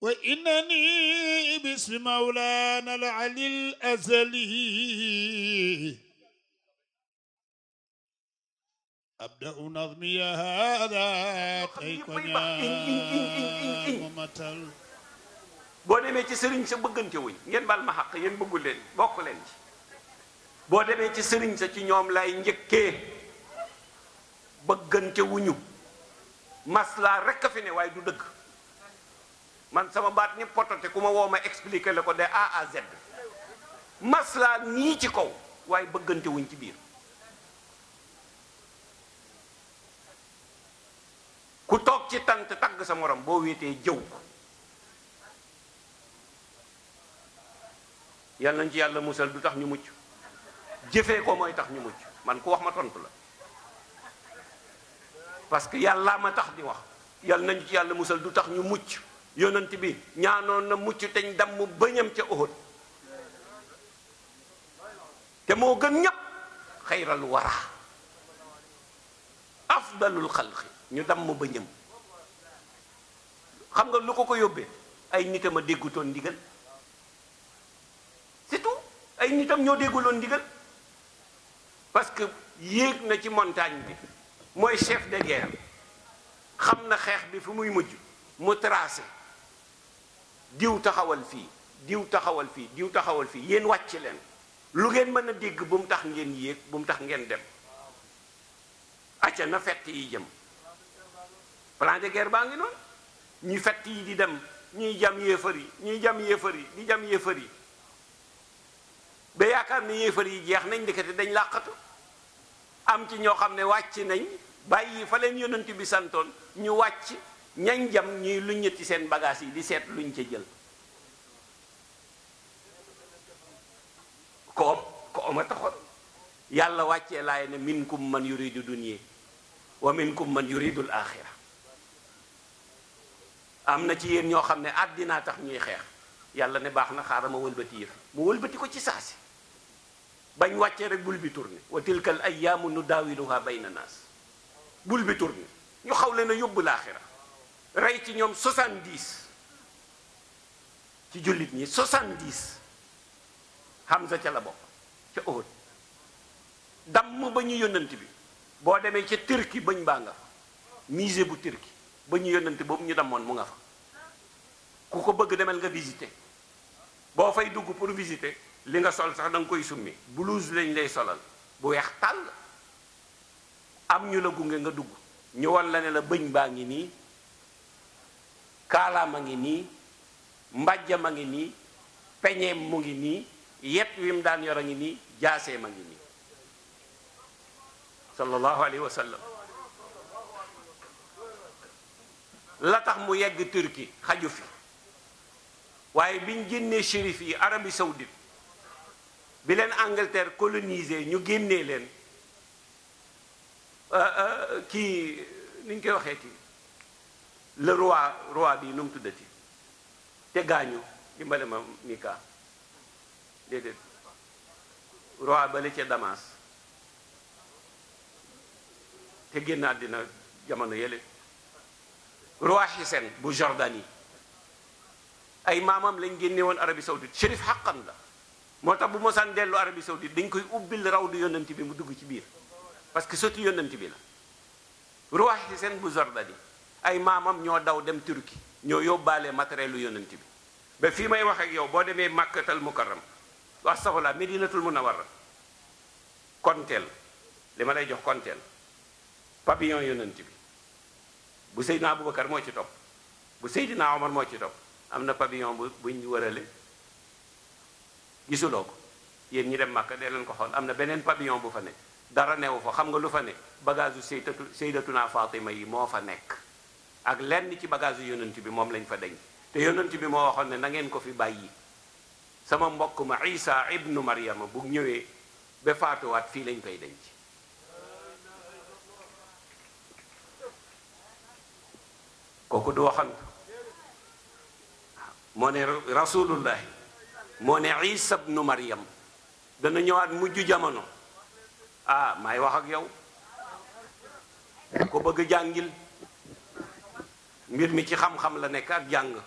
وإنني باسم مولانا العلي الأزلي أبدأ نظمي هذا تيكونا ومتل boo demee ci sëriñ sa bëggante wuñ ngeen bal ma xaq yéen bëggul leen bokk leen ci boo demee ci sëriñ sa ci ñoom lay njëkkee bëggante wuñu maslaa rekk a fi ne du dëgg man sama baat ni potote ku ma woo ma expliquer la ko de A à Z maslaa nii ci kaw waaye bëggantewuñ ci biir ku toog ci tant tagg sa morom boo wéetee jëw ko yàlla nañ ci yàlla musal du tax ñu mucc jëfee ko mooy tax ñu mucc man ku wax ma tontu la parce que yàllaa ma tax di wax yàlla nañ ci yàlla musal du tax ñu mucc yonent bi ñaanoon na mucc teñ damm bëñam ca Uhud te moo gën ñëpp xayral wara afdalul xalqi ñu damm bëñam xam nga lu ko ko yóbbee ay nitam a déggutoon ndigal c'est tout ay nitam ñoo dégguloon ndigal parce que yéeg na ci montagne bi mooy chef de guerre xam na xeex bi fu muy mujj mu tracé diw taxawal fii diw taxawal fii diw taxawal fii yéen wàcc leen lu ngeen mën a dégg bu mu tax ngeen yéeg bu mu tax ngeen dem acca na fett yi jëm plan de guerre baa ngi noonu ñi fett yi di dem ñuy jam yéefar yi ñuy jam yéefar yi di jam yéefar yi ba yaakaar ne yéefar yi jeex nañ ndekete dañ làqatu am ci ñoo xam ne wàcc nañ bàyyi fa leen yonent bi santoon ñu wàcc ñañ jam ñuy lu ñetti seen bagaas yi di seet luñ ca jël koom koom a taxoon yàlla wàccee laay ne minkum man yuridu dunya wa minkum man yuridul axira am na ci yéen ñoo xam ne àddinaa tax ñuy xeex yàlla ne baax na xaaral ma mu wëlbati ko ci si bañ wàccee rek bul bi tourné wa tilkal ayyaamu nudaawiluha bayna naas bul tourné ñu xawle na yóbbu laaxira rey ci ñoom 70 ci jullit ñi 70 Hamza ca la bokk ca Uhud damm ba ñu yónnant bi boo demee ca Turquie bañ baa nga fa musée bu Turquie ba ñu yónnanti boobu ñu dammoon mu nga fa ku ko bëgg demal nga visiter boo fay dugg pour visiter li nga sol sax danga koy summi blouse lañ lay solal bu weex tàll am ñu la gunge nga dugg ñu wan la ne la bëñ baa ngi nii a ngi nii mbàjjam a ngi nii peñeem mu ngi nii yet wi mu daan yor a ngi nii jaaseem a ngi nii sallallahu alayhi wa la tax mu yegg turki xaju fi waaye biñ génnee shérif yi arabi saoudite bi leen Angleterre colonisé ñu génnee leen euh, euh, kii niñ koy waxee kii le roi roi bi nu ti tuddati te gaañu dimbale ma Mika déedéet roi bale ca Damas te génn àddina jamono yële roi Hissen bu Jordanie ay maamam lañ génne woon Arabie Saoudite shérif xaqan la moo tax bu mosaan dellu Arabie Saoudite dañ koy ubbil raw di yoon du yonent bi mu dugg ci biir parce yoon sotti yonent bi la roi Hissen bu Jordanie ay maamam ñoo daw dem turki ñoo yóbbaale matériel lu yonent bi ba fii may wax ak yow boo demee màkkatal mukarram wax saxula medinatul a konteel li ma lay jox konteel pavillon yonent bi bu Seydina Aboubacar moo ci topp bu Seydina Omar moo ci topp am na pavillon bu buñ wërale gisuloo ko yéen ñi dem màkka dee leen ko xool am na beneen pavillon bu fa ne dara newu fa xam nga lu fa ne bagage u Seydatuna Fatima yi moo fa nekk ak lenn ci bagage yu bi moom lañ fa deñ te yonent bi moo waxoon ne na ngeen ko fi bàyyi sama mbokk ma isa ibnu maryama bu ñëwee faatuwaat fii lañ koy denc kooku du waxantu moo ne moo ne isa ibnu maryam dana ñëwaat mujj jamono ah may wax ak yow ko bëgg jàngil mbir mi ci xam-xam la nekk ak jàng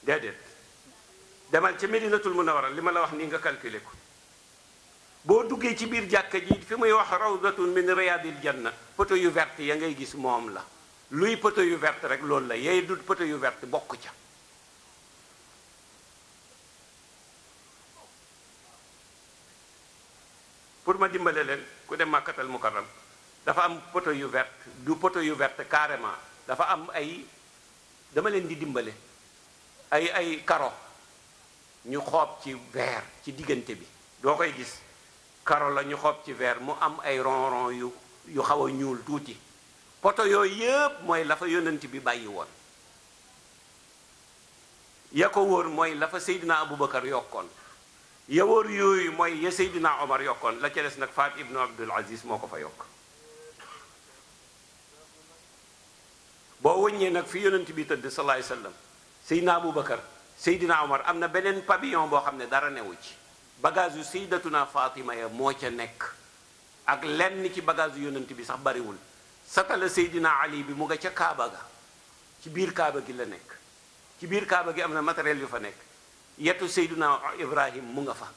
déedéet demal ca Medinatul waral li ma la wax nii nga calculer ko boo duggee ci biir jàkka ji fi muy wax rawdatun min riyadil janna poto yu verte ya ngay gis moom la luy poto yu verte rek loolu la yay du poto yu verte bokk ca pour ma dimbale leen ku dem màkkatal mukarram dafa am poto yu vert du poto yu vert carrément dafa am ay dama leen di dimbale ay ay karo ñu xoob ci vert ci diggante bi doo koy gis karo la ñu xoob ci vert mu am ay ronron yu yu xaw a ñuul tuuti poto yooyu yëpp mooy la fa yonent bi bàyyi woon ya ko wóor mooy la fa Seydina Aboubacar yokkoon ya wóor yooyu mooy ya Seydina Omar yokkoon la ca des nag Faat ibnu Abdul Aziz moo ko fa yokk boo wëññee nag fi yonent bi tëdd salaay sallam seydina aboubacar seydina omar am na beneen pavillon boo xam ne dara newu ci bagage yu seydatuna fatima ya moo ca nekk ak lenn ci bagage yu yonent bi sax bariwul satala seydina ali bi mu nga ca kaaba ga ci biir kaaba gi la nekk ci biir kaaba gi am na matériel yu fa nekk yetu seydina ibrahim mu nga fa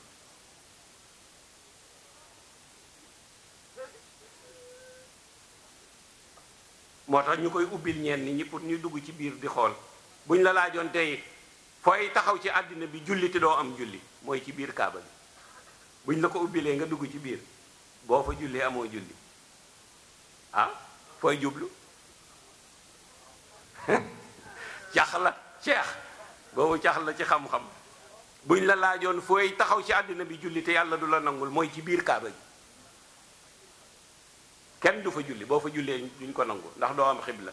moo tax ñu koy ubbil ñeen ñenn ñi pour ñu dugg ci biir di xool buñ la laajoon tey fooy taxaw ci àddina bi julli te doo am julli mooy ci biir kaaba bi buñ la ko ubbilee nga dugg ci biir boo fa jullee amoo julli ah fooy jublu cax la ceex boobu cax la ci xam-xam buñ la laajoon fooy taxaw ci àddina bi julli te yàlla du la nangul mooy ci biir kaaba gi kenn du fa julli boo fa jullee duñ ko nangu ndax doo am xibla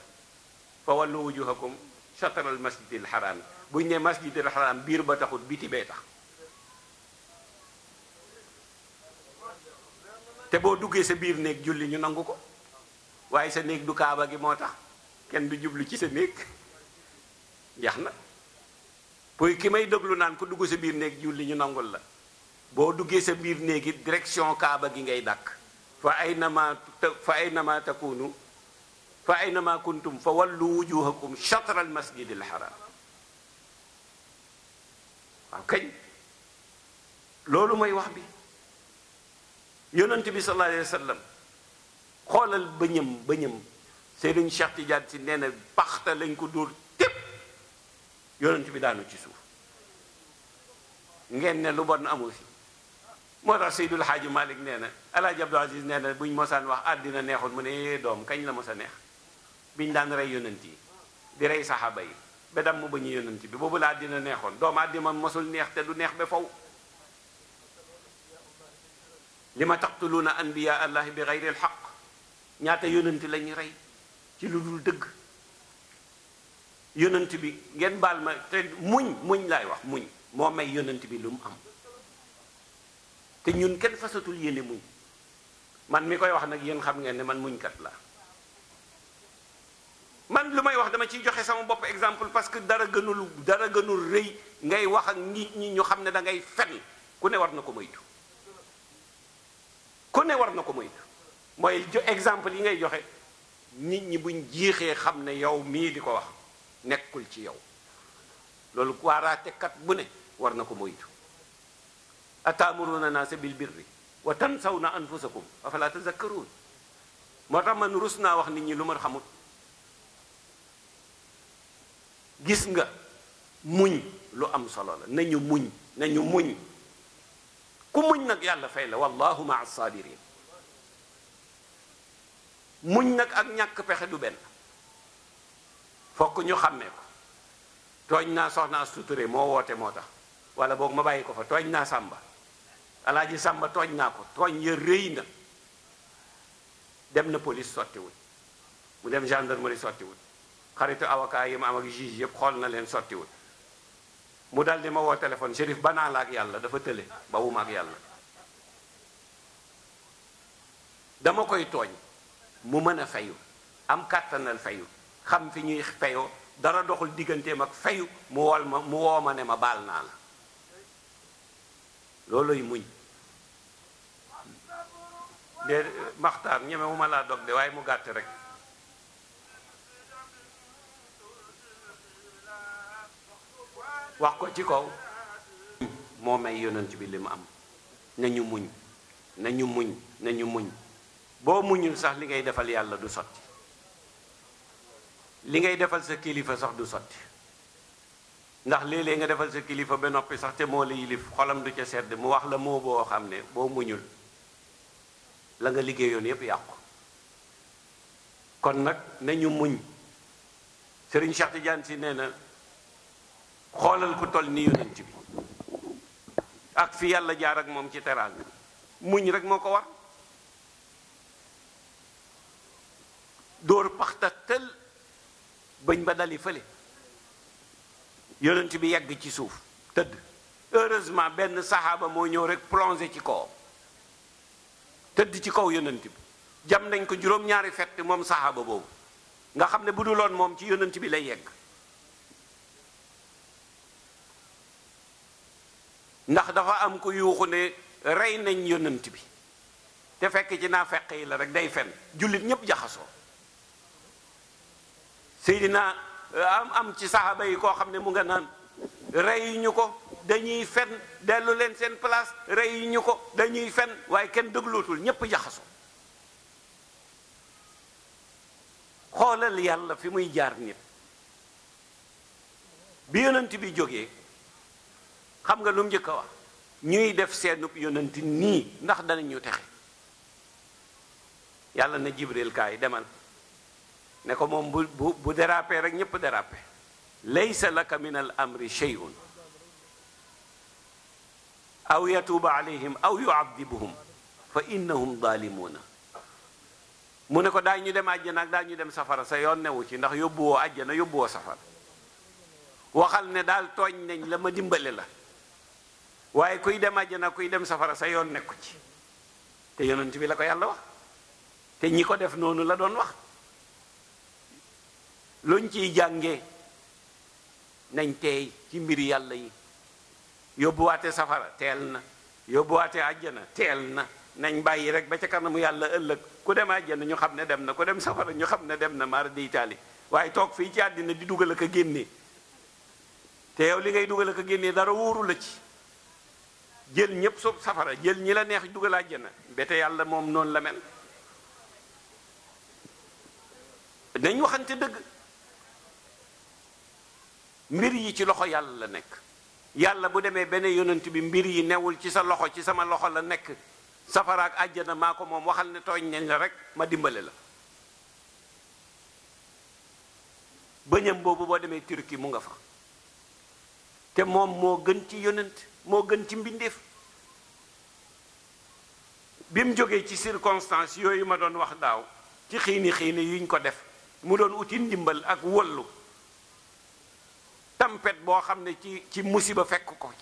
fa wallu wujuhakum shatral masjidil xaraam buñ ne masjidil xaraam biir ba taxut biti bee tax te boo duggee sa biir néeg julli ñu nangu ko waaye sa néeg du kaaba gi moo tax kenn du jublu ci sa néeg jeex na pour ki may déglu naan ku dugg sa biir néeg julli ñu nangul la boo duggee sa biir néegi direction kaaba gi ngay dàkk fa aynama fa aynama takunu fa aynama kuntum fa wallu wujuhakum chatra al masjid al haram waaw kañ loolu mooy wax bi yonent bi sallallahu alayhi wa sallam xoolal bëñëm bëñëm Serigne Cheikh Tidiane si nee na paxta lañ ko dóor tépp yonent bi daanu ci suuf ngeen ne lu bon amu fi moo tax Seydul xaaju Malick nee na El Hadj Abdou Aziz nee buñ mosaan wax àddina neexul mu ne eh, doom kañ la mos a neex biñ daan rey yonent yi di rey saxaaba yi ba dam mu ba ñu yonent bi boobu la àddina neexoon doom àddina mosul neex te du neex ba faw li ma taqtuluuna anbiyaa allahi bi gayri alxaq ñaata yonent la ñu rey ci lu dul dëgg yonent bi ngeen baal ma te muñ muñ laay wax muñ moo may yonent bi lu mu am te ñun kenn fasatul yéene muñ man mi koy wax nag yéen xam ngeen ne man muñkat la man lu may wax dama ciy joxe sama bopp exemple parce que dara gënul dara gënul rëy ngay wax ak nit ñi ñu xam ne da ngay fen ku ne war na ko moytu ku ne war na ko moytu mooy jo exemple yi ngay joxe nit ñi buñ jiixee xam ne yow mii di ko wax nekkul ci yow loolu waaraatekat bu ne war na ko moytu ataamuruuna naasa bil birri wa tansawna anfusakum afala tazakkaruun moo tax man rus naa wax nit ñi lu ma xamut gis nga muñ lu am solo la nañu muñ nañu muñ ku muñ nag yàlla fay la wallahu maa saabiriin muñ nag ak ñàkk pexe du benn fokk ñu xàmmee ko tooñ naa soxna Astou moo woote moo tax wala boog ma bàyyi ko fa tooñ naa sàmba alaaji sàmba tooñ naa ko tooñ ya rëy na dem na police sottiwul mu dem gendarmerie sottiwul xaritu avocat yi ma am ak juge yëpp xool na leen sottiwul mu dal di ma woo téléphone shérif banaa la ak yàlla dafa tële ba wuma ak yàlla dama koy tooñ mu mën a fayu am kàttanal fayu xam fi ñuy fayoo dara doxul digganteem ak fayu mu wol ma mu woo ma ne ma baal naa la looloy muñ de maxtaar ñemewuma laa dog de waaye mu gàtt rek wax ko ci kaw moo may yonent bi li mu am nañu muñ nañu muñ nañu muñ boo muñul sax li ngay defal yàlla du sotti li ngay defal sa kilifa sax du sotti ndax léeg-léeg nga defal sa kilifa ba noppi sax te moo la yilif xolam du ca sedd mu wax la moo xam ne boo muñul la nga liggéeyoon yépp yàqu kon nag nañu muñ sëriñ Cheikh Tidiane si nee na xoolal ku toll ni yonent bi ak fi yàlla jaar ak moom ci teraanga muñ rek moo ko war dóor paxta tël bañ ba dali fële yonent bi yegg ci suuf tëdd heureusement benn saxaaba moo ñëw rek plongé ci kawam tëdd ci kaw yonent bi jam nañ ko juróom-ñaari fett moom saxaaba boobu nga xam ne bu dul woon moom ci yonent bi lay yegg ndax dafa am ko yuuxu ne rey nañ yonent bi te fekk ci naa fekk yi la rek day fen jullit ñépp jaxasoo Seydina am am ci saxaaba yi koo xam ne mu nga naan reyuñu ko dañuy fen dellu leen seen place rey ñu ko dañuy fen waaye kenn dëglootul ñépp jaxaso xoolal yàlla fi muy jaar nit bi yonent bi jógee xam nga lu mu njëkk a wax ñuy def seenub yonent nii ndax danañu texe yàlla na jibril kaay demal ne ko moom bu bu bu dérapé rek ñépp dérapé laysa laka min al amri shay'un aw yatuuba alayhim aw yuadibuhum fa innahum zaalimuuna mu ne ko ñu dem àjjana ak daay ñu dem safara sa yoon newu ci ndax yóbbuwoo àjjana yóbbuwoo safara waxal ne daal tooñ nañ la ma dimbale la waaye kuy dem àjjana kuy dem safara sa yoon nekku ci te yonent bi la ko yàlla wax te ñi ko def noonu la doon wax luñ ciy jànge nañ teey ci mbir yàlla yi yóbbuwaate safara teel na yóbbu yóbbuwaate àjjana teel na nañ bàyyi rek ba ca kanamu yàlla ëllëg ku dem àjjana ñu xam ne dem na ku dem safara ñu xam ne dem na mara di itaali waaye toog fii ci àddina di dugal ak a génnee te yow li ngay dugal ak a génnee dara wóoru la ci jël ñëpp sob safara jël ñi la neex dugal àjjana bete yàlla moom noonu la mel nañ waxante dëgg mbir yi ci loxo yàlla la nekk yàlla bu demee benn yonent bi mbir yi newul ci sa loxo ci sama loxo la nekk safaraak àjjana maa ko moom waxal ne tooñ nañ la rek ma dimbale la bëñam boobu boo demee Turquie mu nga fa te moom moo gën ci yonent moo gën ci mbindeef bi mu jógee ci circonstance yooyu ma doon wax daaw ci xiini xiini yuñ ko def mu doon uti ndimbal ak wollu tempête boo xam ne ci ci musiba fekk ko ca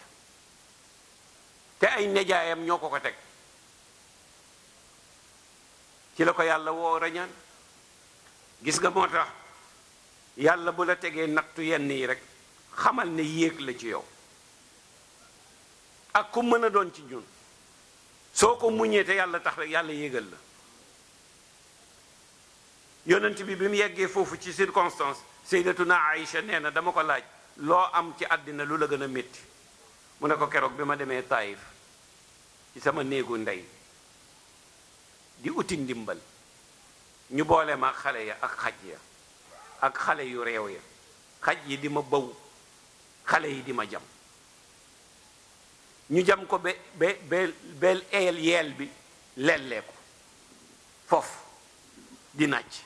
te ay nejaayam ñoo ko ko teg ci la ko yàlla woo rañaan gis nga moo tax yàlla bu la tegee nattu yenn yi rek xamal ne yéeg la ci yow ak ku mën a doon ci ñun soo ko muñee te yàlla tax rek yàlla yéegal la yonent bi bi mu yeggee foofu ci circonstance Seydatuna Aïcha nee na dama ko laaj loo am ci àddina lu la gën a metti mu ne ko keroog bi ma demee Taïf ci sama néegu ndey di uti ndimbal ñu boole ma xale ya ak xaj ya ak xale yu réew ya xaj yi di ma baw xale yi di ma jam ñu jam ko be be be bel eel yeel bi lellee ko foofu di nàcc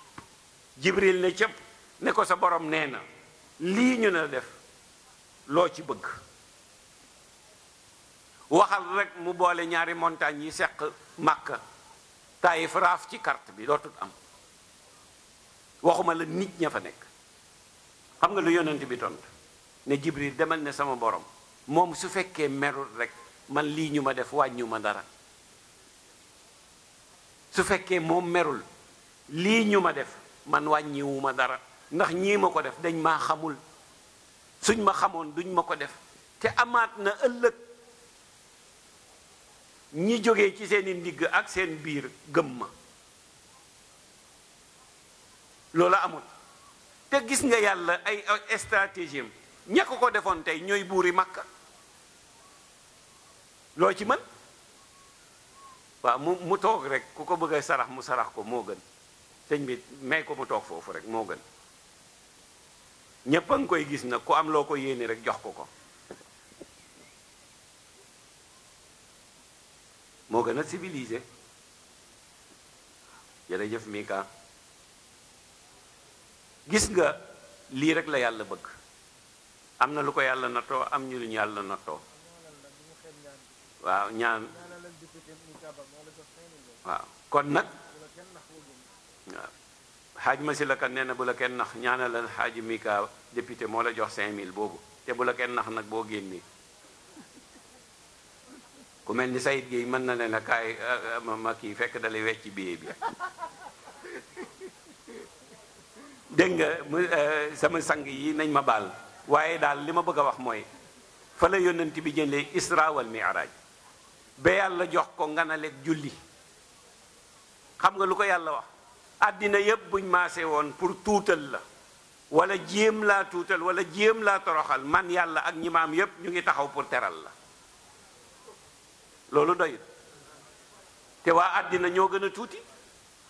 jibril ne cëpp ne ko sa borom nee na lii ñu ne def loo ci bëgg waxal rekk mu boole ñaari montagne yi seq Makka Taayif raaf ci kart bi dootul am waxuma la nit ña fa nekk xam nga lu yonent bi tont ne Jibril demal ne sama borom moom su fekkee merul rekk man lii ñu ma def wàññu ma dara su fekkee moom merul lii ñu ma def man wàññiwu ma dara ndax ñii ma ko def dañ maa xamul suñ ma xamoon duñ ma ko def te amaat na ëllëg ñi jógee ci seeni ndigg ak seen biir gëm ma loola amul te gis nga yàlla ay stratégie am ko defoon tey ñooy buur buuri makk loo ci mën waaw mu mu toog rek ku ko bëgg sarax mu sarax ko moo gën sëñ bi may ko mu toog foofu rek moo gën ñëpp a koy gis nag ku am loo ko yéene rek jox ko ko moo gën a civilisé jërëjëf Mika gis nga lii rek la yàlla bëgg am na lu ko yàlla nattoo am ñu lu yàlla nattoo waaw ñaan waaw kon nag waaw xaaj ma si la kan nee na bu la kenn nax ñaanalal xaaji Mika député moo la jox 5000 boobu te bu la kenn nax nag boo génnee ku mel ni Sayid Gueye mën na leen la kaay euh, euh, ma kii fekk dalay wecc billet bi dégg nga euh, sama sang yi nañ ma baal waaye daal li ma bëgg a wax mooy fa la yónnent bi jëlee isra wal mi'raj ba yàlla jox ko na nganaleeg julli xam nga lu ko yàlla wax àddina yépp buñ maase woon pour tuutal la wala jéem laa tuutal wala jéem laa toroxal man yàlla ak ñi maam yépp ñu ngi taxaw pour teral la loolu doyut te waa àddina ñoo gën a tuuti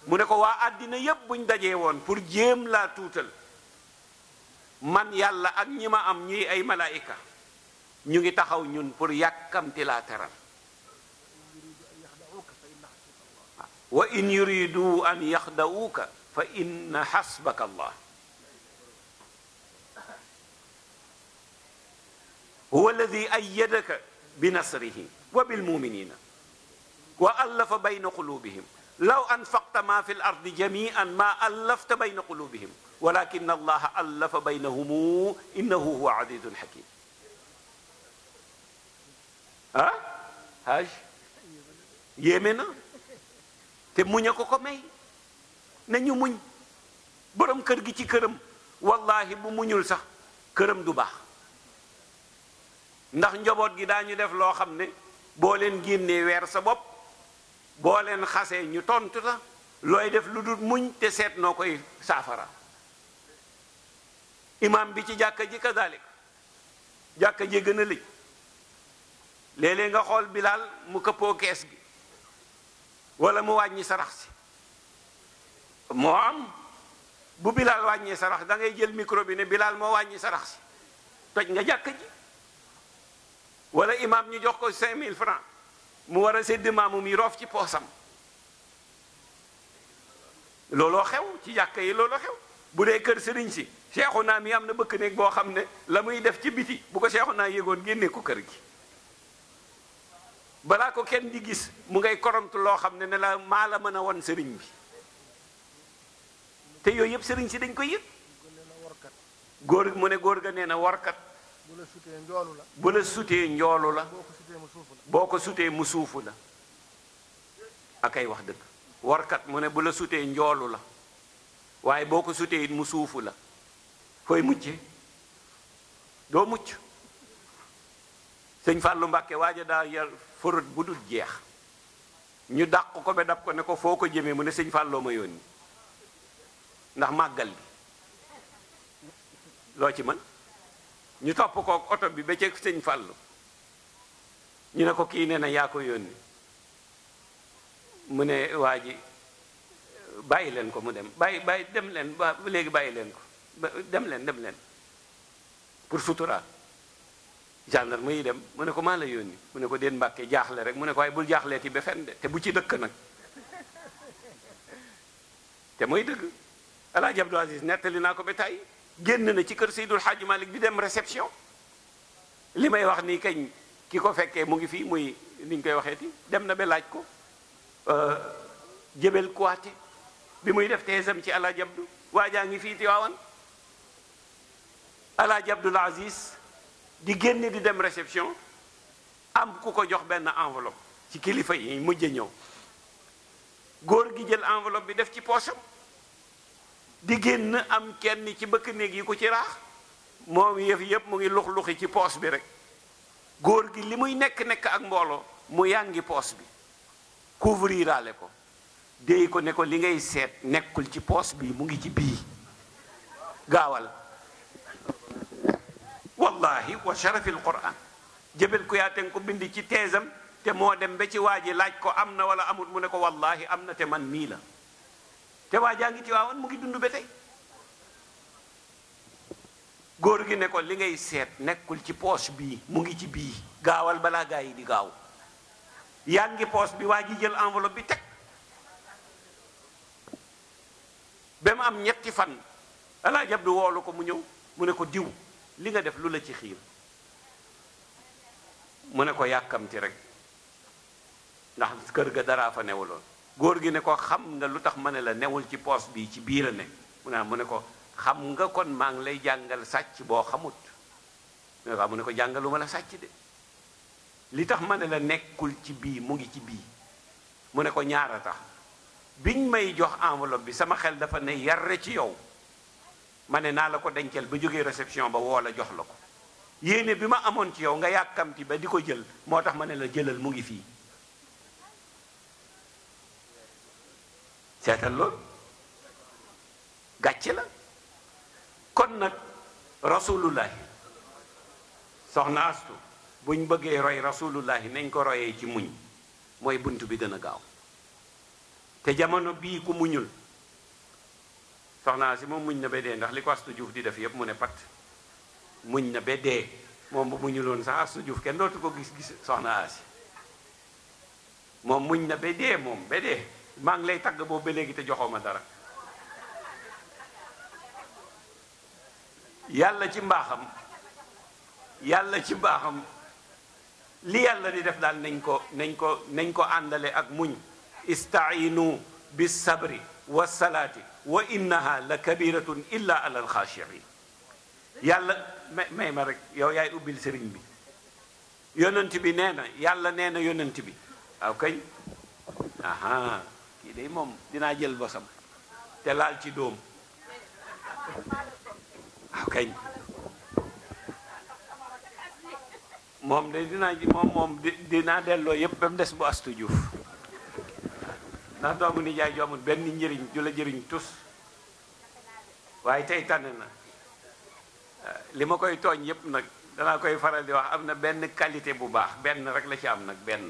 mu ne ko waa àddina yépp buñ dajee woon pour jéem laa tuutal man yàlla ak ñi ma am ñuy ay malaayika ñu ngi taxaw ñun pour yàkkamti laa teral wa in yuridu an yaxda'uuka fa inna xasbaka allah huwa alladi ayyadaka bi nasrihi wa bil muminina wa allafa bayna qulubihim law anfaqta ma fi l ardi jamian ma allafta bayna qulubihim walakin allaha allafa baynahum innahu huwa azizun hakim ah haj yéeme na te muñ a ko ko may nañu muñ boroom kër gi ci këram wallahi bu muñul sax këram du baax ndax njaboot gi daañu def loo xam ne boo leen génnee weer sa bopp boo leen xasee ñu tontu na looy def lu dul muñ te seet noo koy saafara imam bi ci jàkka ji kadalik jàkka ji gën a lëj léeg nga xool bilaal mu këppoo kees gi wala mu wàññi sarax si moo am bu bilaal wàññee sarax dangay jël micro bi ne bilaal moo wàññi sarax si toj nga jàkk ji wala imaam ñi jox ko mille francs mu war a sédd maamu mi roof ci poosam looloo xew ci jàkk yi looloo xew bu dee kër sëriñ si seexu naa mi am na bëkk néeg boo xam ne la muy def ci biti bu ko seexu naa yéegoon génne ko kër gi balaa ko kenn di gis mu ngay koront loo xam ne ne la maa la mën a won sëriñ bi te yooyu yëpp sëriñ si dañ koy yëpp góor mu ne góor ga nee na warkat bu la sutee njoolu la bu boo ko sutee mu suufu la akay wax dëgg warkat mu ne bu la njoolu la waaye boo ko sutee mu suufu la fooy mucce doo mucc sëñ Fàllu Mbàkke waaja daal yar forot bu dul jeex ñu dàq ko ba dab ko ne ko foo ko jëmee mu ne sëñ Fallou ma yónni ndax màggal bi loo ci man ñu topp kook oto bi ba ci sëñ Fallou ñu ne ko kii nee na yaa ko yónni mu ne waa ji bàyyi leen ko mu dem bàyyi bàyyi dem leen ba léegi bàyyi leen ko dem leen dem leen pour suturaal gendarme yi dem mu ne ko maa la yónni mu ne ko déen mbàkke jaaxle rek mu ne ko waaye bul jaaxleeti ba fen de te bu ci dëkk nag te mooy dëgg alaaji Abdou Aziz nettali naa ko ba tey génn na ci kër Seydul Xaaji Malik di dem réception li may wax nii kañ ki ko fekkee mu ngi fii muy niñ koy waxee ti dem na ba laaj ko euh, jëbel kuwaate bi muy def teesam ci alaaji waa jaa ngi fii Tiwaawan alaaji Abdul Aziz di génn di dem réception am ku ko jox benn enveloppe ci kilifa yi mujj ñëw góor gi jël enveloppe bi def ci poosam di génn am kenn ci bëkk néeg yi ku ci raax moom yëf yëpp mu ngi lux luxi ci poos bi rek góor gi li muy nekk nekk ak mbooloo mu yàngi poose bi couvriraale ko déy ko ne ko li ngay seet nekkul ci poos bi mu ngi ci bii gaawal wallahi wa sharafil quran jëbel ku yaa ten ko bind ci teesam te moo dem ba ci waa ji laaj ko am na wala amut mu ne ko wallahi am na te man mii la te waa jaa ngi tiwaawan mu ngi dund ba góor gi ne ko li ngay seet nekkul ci poos bii mu ngi ci bii gaawal balaa gaa yi di gaaw yaa ngi poos bi waa ji jël enveloppe bi teg ba mu am ñetti fan alaa jab woolu ko mu ñëw mu ne ko diw li nga def lu la ci xiir mu ne ko yàkkamti rek ndax kër ga dara fa newuloon góor gi ne ko xam nga lu tax ma ne la newul ci poos bii ci biir ne mu ne mu ne ko xam nga kon maa ngi lay jàngal sàcc boo xamut mu ne ko mu ne jàngalu ma la sàcc de li tax ma ne la nekkul ci bii mu ngi ci bii mu ne ko ñaar tax biñ may jox enveloppe bi sama xel dafa ne yarre ci yow ma ne naa la ko dencal ba jógee réception ba woo la jox la ko yéene bi ma amoon ci yow nga yàkkamti ba di ko jël moo tax ma ne la jëlal mu ngi fii seetal loolu gàcc la kon nag rasulullahi soxna astu buñ bëggee roy rasulullahi nañ ko royee ci muñ mooy bunt bi gën a gaaw te jamono bii ku muñul soxnaa si moom muñ na ba dee ndax li ko Astu Juuf di def yëpp mu ne pat muñ na ba dee moom bu muñu loon sax Astu Juuf kenn dootu ko gis-gis soxnaa si moom muñ na ba dee moom ba dee maa ngi lay tagg boobu ba léegi te joxoo ma dara yàlla ci mbaaxam yàlla ci mbaaxam li yàlla di def daal nañ ko nañ ko nañ ko àndale ak muñ istainu bis sabri wa salaati wa innaha la kabiratun illa alal xaashiin yàlla may may ma rek yow yaay ubbil sëriñ bi yonent bi nee na yàlla nee na yonent bi waaw kay aha kii day moom dinaa jël bosam te laal ci doom waaw kay moom de dinaa moom delloo yëpp ba mu des bu astu juuf ndax doomu nijaay ju amul benn njëriñ ju la jëriñ tus waaye tey tànn na eh, li ma koy tooñ yépp nag danaa koy faral di wax am na benn qualité bu baax benn rek la ci am nag benn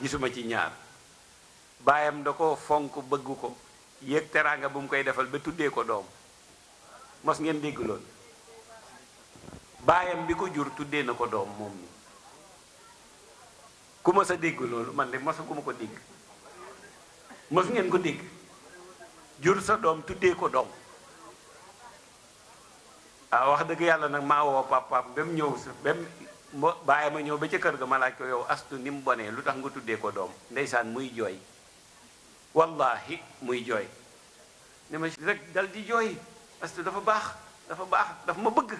gisuma ci ñaar baayam da ko fonk bëgg ko yéeg teraanga bu mu koy defal ba tuddee ko doom mos ngeen dégg loolu baayam bi ko jur tuddee na ko doom moom mi ku ma a dégg loolu man de mosaguma ko dégg mës ngeen ko dégg jur sa doom tuddee ko doom ah wax dëgg yàlla nag maa woo papaam ba mu ñëw sa ba mu bàyyi ma ñëw ba ca kër ga ma laa ko yow astu ni mu bonee lu tax nga tuddee ko doom ndeysaan muy jooy wallahi muy jooy ne ma rek dal di jooy astu dafa baax dafa baax dafa ma bëgg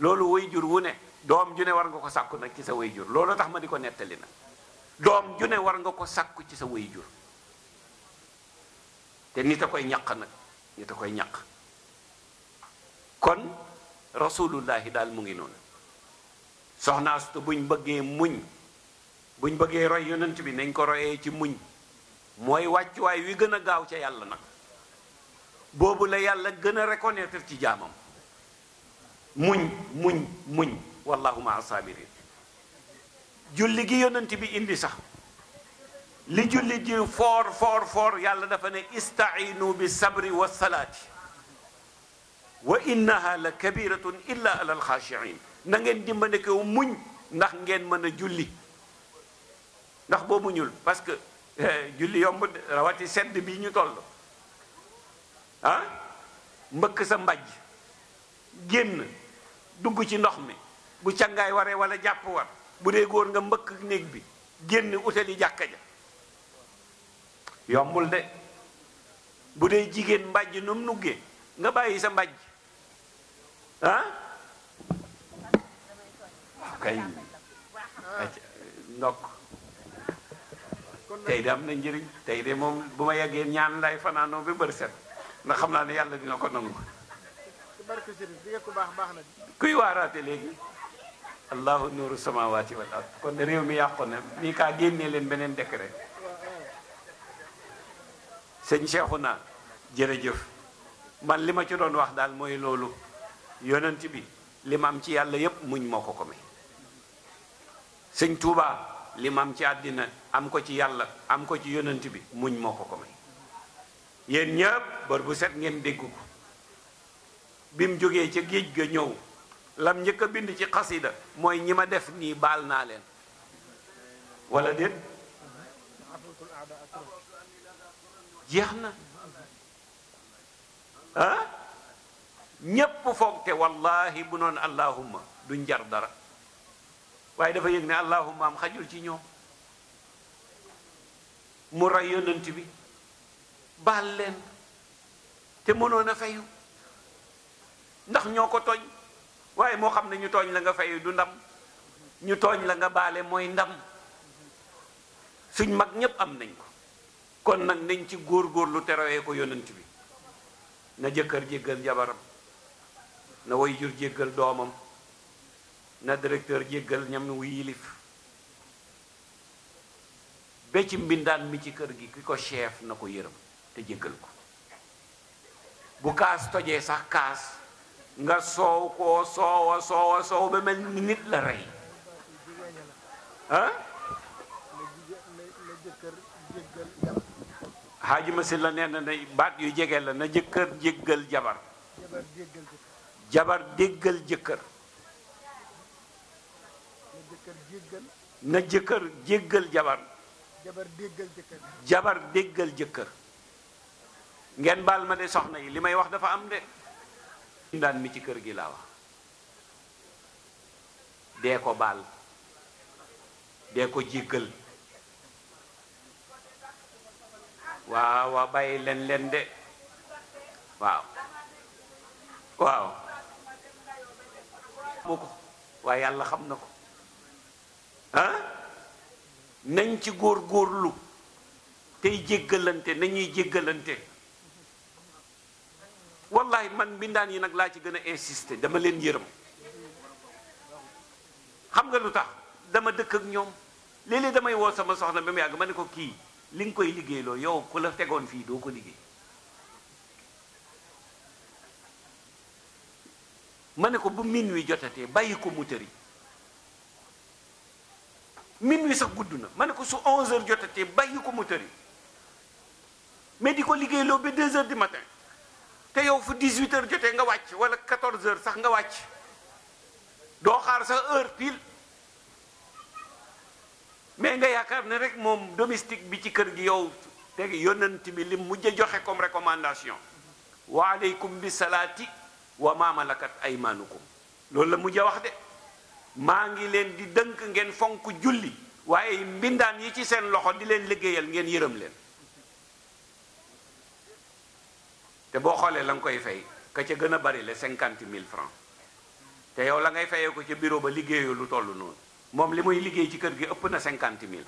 loolu way jur wu ne doom ju ne war nga ko sàkku nag ci sa way jur loolu tax ma di ko nettali na doom ju ne war nga ko sàkku ci sa waajur te nit a koy ñaq nag nit a koy ñàq kon rasulullahi daal mu ngi noonu soxnaastu buñ bëggee muñ buñ bëggee roy yonent bi nañ ko royee ci muñ mooy wàccuwaay wi gën a gaaw ca yàlla nag boobu la yàlla gën a reconnaître ci jaamam muñ muñ muñ wallahu maa sabirin julli gi yonent bi indi sax li julli ji foor foor foor yàlla dafa ne istainu bi sabri wa salaati wa innaha la kabiratun illa ala alxaashiin na ngeen dimbane ko muñ ndax ngeen mën a julli ndax boo muñul parce que eh, julli yomb rawati sedd bi ñu toll ah mbëkk sa mbàjj génn dugg ci ndox mi bu cangaay waree wala jàpp war bu dee góor nga mbëkk néeg bi génn utali jàkka ja yombul de bu dee jigéen mbàjj nu mu nuggee nga bàyyi sa mbàjj ah kay ndokk tey de am na njëriñ tey de moom bu ma yeggee ñaan lay fanaanoo ba bër set ndax xam naa ne yàlla dina ko nangu kuy waaraate léegi allahu nuuru samawati wal ard kon réew mi yàqu na mii kaa génnee leen beneen décret sëñ naa jërëjëf man li ma ci doon wax daal mooy loolu yonent bi li ma am ci yàlla yépp muñ moo ko ko may sëñ Touba li ma am ci àddina am ko ci yàlla am ko ci yonent bi muñ moo ko ko may yéen ñëpp bër bu set ngeen dégg ko bi mu jógee ca géej ga ñëw lam njëkk a bind ci xasida mooy ñi ma def nii baal naa leen walla de jeex na ah ñépp foog te wallahi bu noon allahumma duñ jar dara waaye dafa yëg ne allahumma am xajul ci ñoom mu rey yonent bi baal leen te mënoon a fayu ndax ñoo ko tooñ waaye moo xam ne ñu tooñ la nga fay du ndam ñu tooñ la nga baale mooy ndam suñ mag ñépp am nañ ko kon nag nañ ci góor góor lu terewee ko yonent bi na jëkkër jéggal jabaram na way jur jéggal doomam na directeur jéggal ñam wu yilif ba ci mbindaan mi ci kër gi ki ko cheef na ko yërëm te jéggal ko bu kaas tojee sax kaas nga soow ko soowa soowa soow ba mel ni nit la rey ah xaaji la nee na baat yu jege la na jëkkër jéggal jabar jabar déggal jëkkër na jëkkër jéggal jabar jabar déggal jëkkër ngeen baal ma de soxna yi li may wax dafa am de ndaan mi ci kër gi laa wax dee ko baal dee ko jéggal waaw waaw bàyyi leen leen de waaw waaw mu ko waaye yàlla xam na ko ah nañ ci góor góorlu tey jéggalante nañuy jéggalante wallahi man mbindaan yi nag laa ci gën a insister dama leen yërëm xam nga lu tax dama dëkk ak ñoom léeg damay woo sama soxla ba mu yàgg ma ne ko kii li nga koy liggéeyloo yow ku la tegoon fii doo ko liggéey ma ne ko bu min wi jotatee bàyyi ko mu tëri min wi sax gudd na ma ne ko su 11 heures jotatee bàyyi ko mu tëri mais di ko liggéeyloo ba 2 heures du matin te yow fu 18 heures jotee nga wàcc wala 14 heures sax nga wàcc doo xaar sax heure pile mais nga yaakaar ne rek moom domestique bi ci kër gi yow te yonent bi li mujj a joxe comme recommandation waaleykum bi salaati wa maa malakat aymaanukum loolu la mujj a wax de maa ngi leen di dënk ngeen fonk julli waaye mbindaan yi ci seen loxo di leen liggéeyal ngeen yërëm leen te boo xoolee la nga koy fay ka ca gën a bari la cinquante mille francs te yow la ngay fayee ko ca bureau ba liggéeyu lu toll noonu moom li muy liggéey ci kër gi ëpp na cinquante mille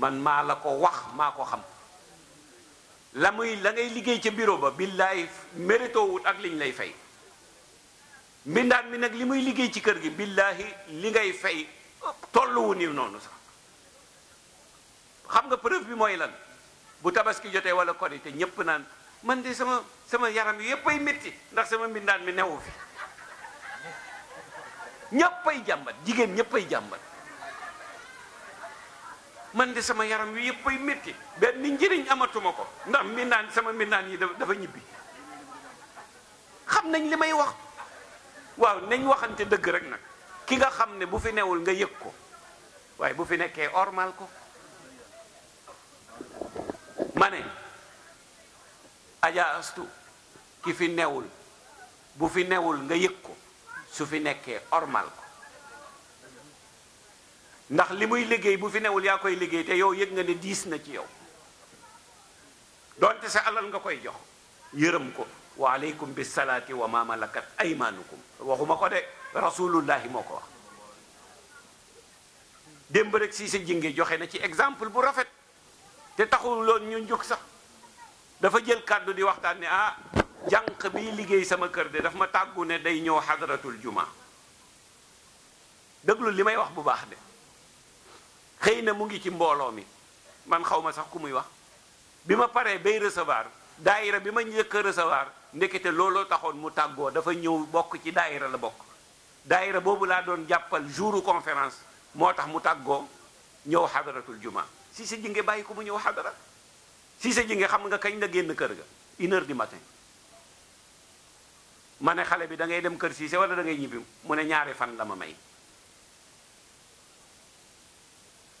man maa la ko wax maa ko xam la muy la ngay liggéey ca bureau ba billaay mérito wut ak liñ lay fay mbindaan mi nag li muy liggéey ci kër gi billaahi li ngay fay tolluwu ni noonu sax xam nga preuve bi mooy lan bu tabaski jotee wala korite ñëpp naan man de sama sama yaram yi yëpp ay ndax sama mbindaan mi newu fi ñëppay jàmbat jigéen ñëppay jàmbat man de sama yaram wi yëppay métti benn njëriñ amatuma ko ndax mbindaan sama mbindaan yi dafa ñibbi xam nañ li may wax waaw nañ waxante dëgg rek nag ki nga xam ne bu fi newul nga yëg ko waaye bu fi nekkee ormal ko ma ne ki fi newul bu fi newul nga yëg ko su fi nekkee ormal ko ndax li muy liggéey bu fi newul yaa koy liggéey te yow yëg nga ne diis na ci yow doonte sa alal nga koy jox yërëm ko wa aleykum bi salaati wa ma aymaanukum waxuma ko de rasulullahi moo ko wax démb rek si sa jinge joxe na ci exemple bu rafet te taxul loon ñu njukk sax dafa jël kàddu di waxtaan ne ah jànq bi liggéey sama kër de daf ma tàggu ne day ñëw xadratul juma déglu li may wax bu baax de xëy na mu ngi ci mbooloo mi man xaw ma sax ku muy wax bi ma paree bay recevoir daayira bi ma njëkk a ndekete looloo taxoon mu tàggoo dafa ñëw bokk ci daayira la bokk daayira boobu laa doon jàppal jouru conférence moo tax mu tàggoo ñëw xadratul juma si sa jinge bàyyi ko mu ñëw xadara si sa jinge xam nga kañ la génn kër ga une heure du matin ma ne xale bi da ngay dem kër siise wala dangay ngay ñibbi mu ne ñaari fan la ma may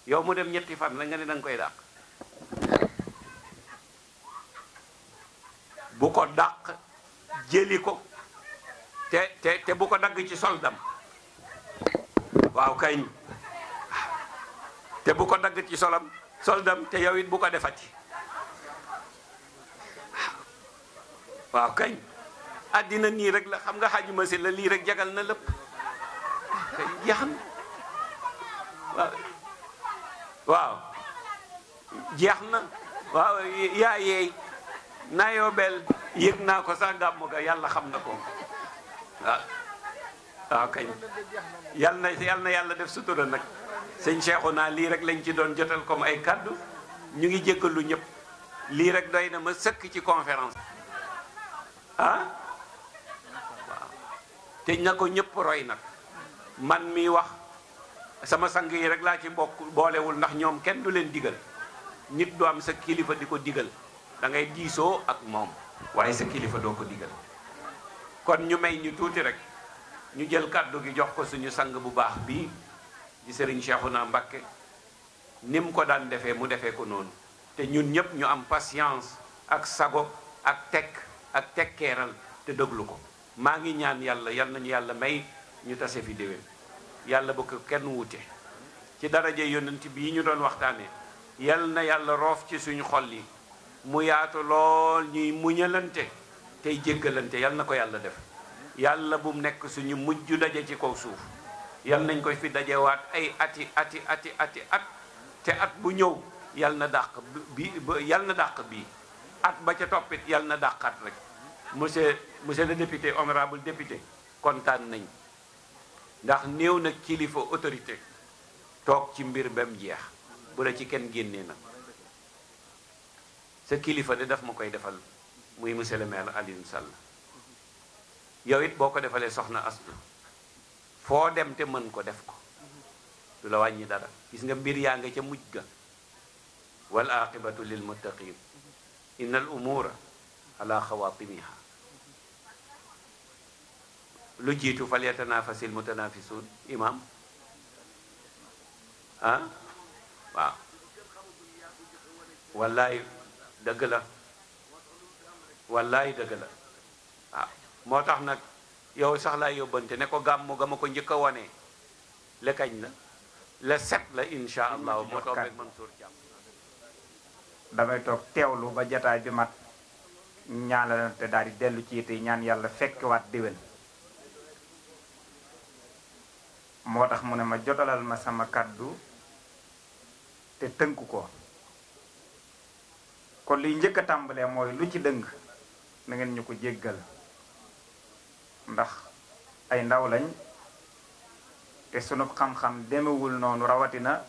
yow mu dem ñetti fan la nga ne da koy dàq bu ko dàq jëli ko te te te bu ko dagg ci soldam waaw kañ te bu ko dagg ci solam soldam te yow bu ko defati waaw kañ àddina nii rek la xam nga ma si la lii rek jagal na lépp kañ jeex na waaw waaw jeex na waaw yaa yeey naa yoobeel yëg naa ko sax gàmmu ga yàlla xam na ko waaw waaw kañ yàlla na yàlla na yàlla def sutura nag sëñ naa lii rek lañ ci doon jotal comme ay kàddu ñu ngi jéggalu ñëpp lii rek doy na ma sëkk ci conférence ah te na ko ñëpp roy nag man mi wax sama sang yi rek laa ci bokk boolewul ndax ñoom kenn du leen digal nit du am sa kilifa di ko digal dangay diisoo ak moom waaye sa kilifa doo ko digal kon ñu may ñu tuuti rek ñu jël kàddu gi jox ko suñu sang bu baax bii di sëriñ Cheikhouna Mbacké ni mu ko daan defee mu defee ko noonu te ñun ñëpp ñu am patience ak sago ak tekk ak tekkeeral te déglu ko maa ngi ñaan yàlla yal nañu yàlla may ñu tase fi déwén yàlla bu ko kenn wuute ci dara daraje yonent bi ñu doon waxtaanee yal na yàlla roof ci suñu xol yi mu yaatu lool ñuy muñalante tey jéggalante yal na ko yàlla def yàlla bu mu nekk suñu mujj daje ci kow suuf yal nañ koy fi dajewaat ay ati ati ati at te at bu ñëw yal na dàq bi yal na dàq bii at ba ca toppit yal na dàqat rek monsieur monsieur le député honorable député kontaan nañ ndax néew na kilifa autorité toog ci mbir bam jeex bu la ci kenn génnee na sa kilifa de daf ma koy defal muy monsieur le maire Alioune Sall yow it boo ko defalee soxna Astou foo dem te mën ko def ko du la wàññi dara gis nga mbir yaa nga ca muj ga wal aqibatu lil muttaqin inna al umura ala xawatimiha lu jiitu fal yatanafasil mutanafisun imam ah waaw wallaay dëgg la wallaay dëgg la waaw moo tax nag yow sax laa yóbbante ne ko gàmmu ga ma ko njëkk a wane le kañ la le set la insha allahu moo toog ak Mansour jàmm damay toog teewlu ba jataay bi mat ñaanalante daal di dellu ci yite ñaan yàlla fekkewaat déwén moo tax mu ne ma jotalal ma sama kàddu te tënk ko kon liy njëkk a tàmbalee mooy lu ci dëng na ngeen ñu ko jéggal ndax ay ndaw lañ te sunu xam-xam demewul noonu rawatina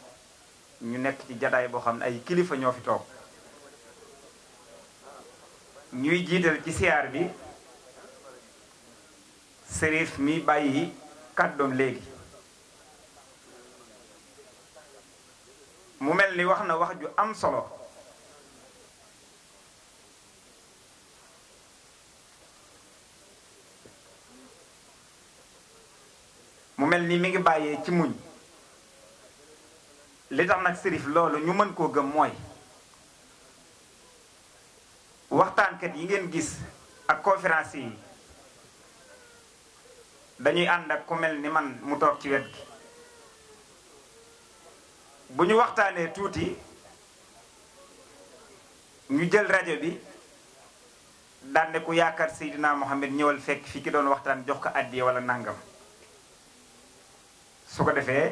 ñu nekk ci jataay boo xam ne ay kilifa ñoo fi toog ñuy jiital ci siyaar bi sërif mi bàyyi kàddoom léegi mu mel ni wax na wax ju am solo ni mi ngi bàyyee ci muñ li tax nag sërif loolu ñu mën koo gëm mooy waxtaankat yi ngeen gis ak conférence yi dañuy ànd ak ku mel ni man mu toog ci wet gi bu ñu waxtaanee tuuti ñu jël rajo bi daande ku yaakaar Seydina Mohamed ñëwal fekk fi ki doon waxtaan jox ko addiye wala nangam su ko defee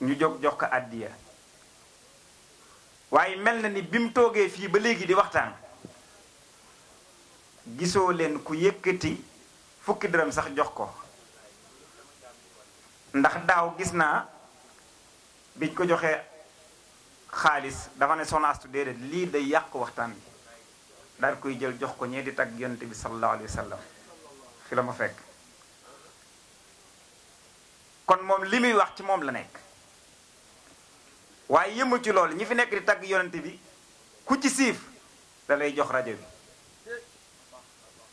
ñu jog jox ko àddiya waaye mel na ni bi mu toogee fii ba léegi di waxtaan gisoo leen ku yëkkati fukki dërëm sax jox ko ndax daaw gis naa biñ ko joxee xaalis dafa ne soxna Astu déedéet lii day yàq waxtaan bi daal koy jël jox ko ñee di tagg yonent bi sallallahu alayhi wa fi la ma fekk kon moom li muy wax ci moom la nekk waaye yëmu ci loolu ñi fi nekk di tagg yonent bi ku ci siif dalay jox rajo bi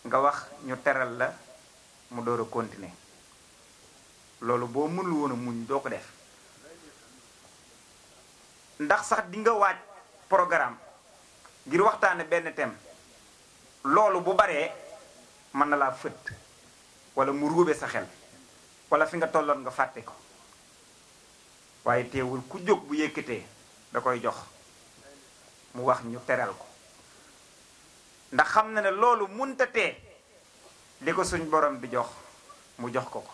nga wax ñu teral la mu door a continuer loolu boo mënul woon a muñ doo ko def ndax sax di nga waaj programme ngir waxtaane benn thème loolu bu baree mën na laa fët wala mu ruube sa xel wala fi nga tolloon nga fàtte ko waaye teewul ku jóg bu yëkkatee da koy jox mu wax ñu teral ko ndax xam na ne loolu munta tee li ko suñ borom bi jox mu jox ko ko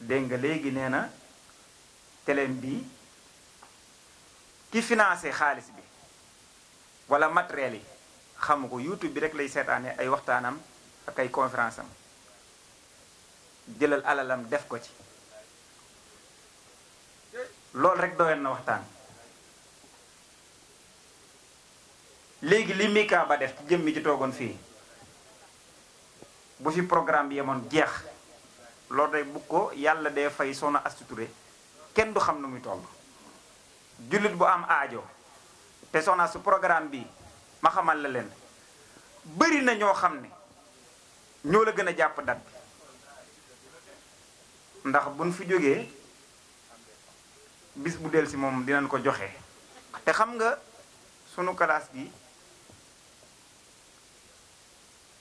dégg nga léegi nee na teleem bi ki financé xaalis bi wala matériel yi xamu ko YouTube bi rek lay seetaane ay waxtaanam ak ay conférence am jëlal alalam def ko ci loolu rek doyoon na waxtaan léegi li Mika ba def ci jëmmi ci toogoon fii bu fi programme bi yemoon jeex loolu day bu ko yàlla dee fay Soxna Astou kenn du xam nu muy toll jullit bu am aajo te Soxna su programme bi ma xamal la leen bëri na ñoo xam ne ñoo la gën a jàpp dat ndax buñ fi jógee bis bu del si moom dinañ ko joxe te xam nga sunu kalaas gi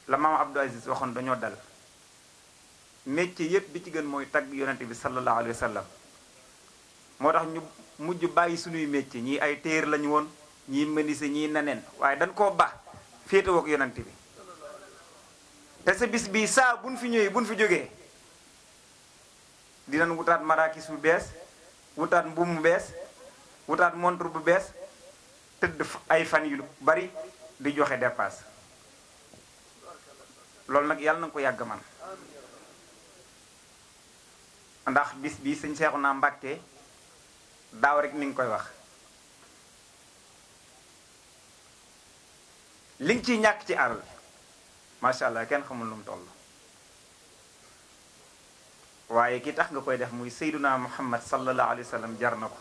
la maam Abdou Aziz waxoon dañoo dal métier yépp bi ci gën mooy tagg yonente bi sallallahu alayhi wa moo tax ñu mujj bàyyi suñuy métier ñii ay téer lañu woon ñii menuisier ñii neneen waaye dañ koo baax féetewoo ak bi te sa bis bii saa buñ fi ñëwee buñ fi jógee dinañ wutaat marakis bu bees wutaat mbuum bu bees wutaat montre bu bees tëdd ay fan yu bari di joxe dépasse loolu nag yàlla na ko yàgg man ndax bis bi sëñ seexu naa mbàkke daaw rek ni nga koy wax li nga ciy ñàkk ci alal macha allah kenn xamul lu mu toll waaye ki tax nga koy def muy sayduna muhammad sallallahu alayhi wa sallam jar na ko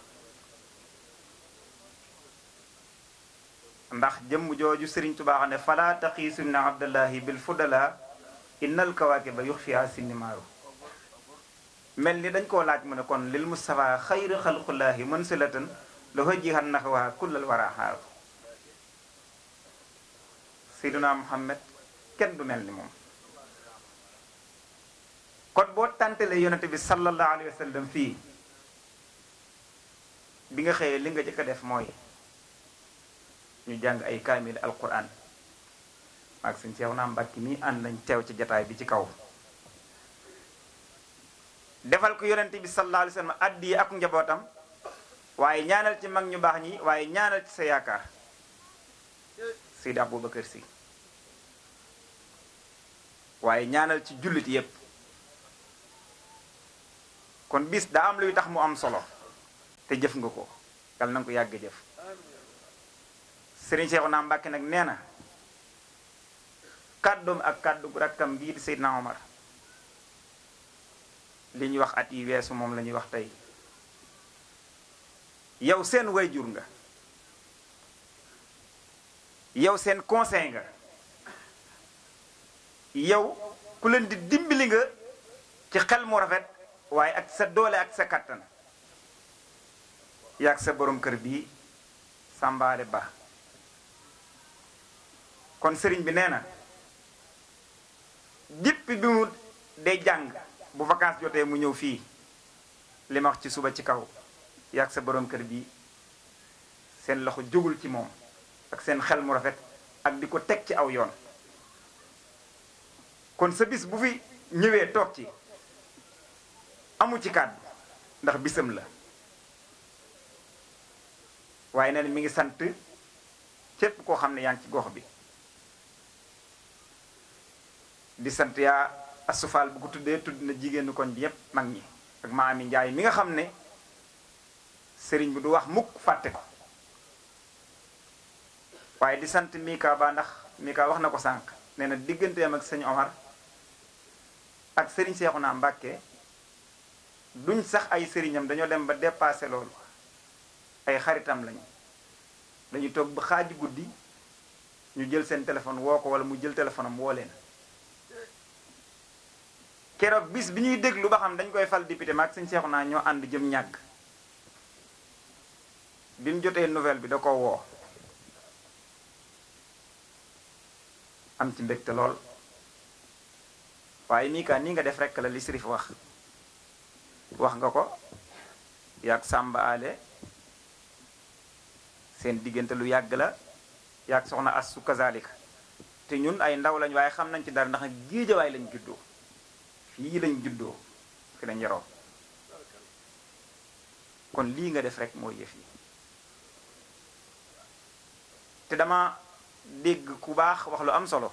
ndax jëmm jooju sëriñ tubaa ne fala taqiisunna abdallahi bil fudala innal kawaakiba yuxfiha sinnimaaru mel ni dañ koo laaj mu ne kon lil mustafa xayri xalqullahi mën silatan la hëjjihan naxwaa kullal waraaxaaru sayduna muhammad kenn du mel ni moom kon boo tàntalee yonente bi sallallahu alayhi wa fii bi nga xëyee li nga jëkk a def mooy ñu jàng ay kaamil alquran ak suñ ceew naa mbàkki mii ànd nañ teew ci jataay bi ci kaw defal ko yonente bi sallallahu alayhi wa sallam addi ak njabootam waaye ñaanal ci mag ñu baax ñi waaye ñaanal ci sa yaakaar Seydi Abubakar Si waaye ñaanal ci jullit yépp kon bis daa am luy tax mu am solo te jëf nga ko yàlla na ko yàgg jëf Serigne naa Mbacké nag nee na kàddoom ak kàddu rakkam bii di Seydina Omar li ñuy wax at yi weesu moom lañuy wax tey yow seen wayjur nga yow seen conseil nga yow ku leen di dimbali nga ci xel mu rafet waaye ak sa doole ak sa kattan yaag sa borom kër bii sàmbaale ba kon sëriñ bi nee na dippi bi mu day jàng bu vacances jotee mu ñëw fii li wax ci suba ci kaw yaag sa borom kër bii seen loxo jógul ci moom ak seen xel mu rafet ak di ko teg ci aw yoon kon sa bis bu fi ñëwee toog ci amu ci kàddu ndax bisam la waaye nee mi ngi sant képp koo xam ne yaa ci gox bi di sant yaa asufaal bu ko tuddee tudd na jigéenu koñ bi yépp mag ñi ak maami njaay mi nga xam ne sëriñ bi du wax mukk fàtte ko waaye di sant Mika ba ndax Mika wax na ko sànq nee diggante digganteem ak sëñ Omar ak sëriñ Seexuna Mbàkke duñ sax ay sëriñam dañoo dem ba dépassé loolu ay xaritam lañu dañuy toog ba xaaji guddi ñu jël seen téléphone woo ko wala mu jël téléphone am woo leen keroog bis bi ñuy déglu ba xam dañ koy fal député maag sëñ seexu naa ñoo ànd jëm ñàgg bi mu jotee nouvelle bi da ko woo am si mbégte lool waaye mii kaa nii nga def rekk la li sirif wax wax nga ko yaag Samba Ale seen diggante lu yàgg la yaag soxna Assu kazalik te ñun ay ndaw lañ waaye xam nañ ci dara ndax géejawaay lañ juddoo fii lañ juddoo fi lañ yaroo kon lii nga def rek mooy yëf yi te dama dégg ku baax wax lu am solo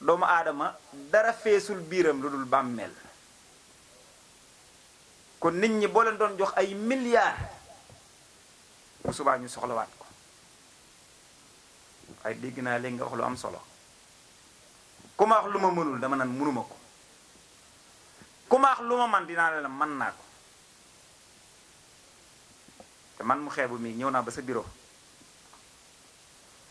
doomu aadama dara feesul biiram lu dul bàmmeel kon nit ñi boo leen doon jox ay milliards bu subaa ñu soxlawaat ko waaye dégg naa léegi nga wax lu am solo ku ma wax lu ma mënul dama naan mënuma ko ku ma wax lu ma man dinaa leen mën naa ko te man mu xeebu mii ñëw naa ba sa bureau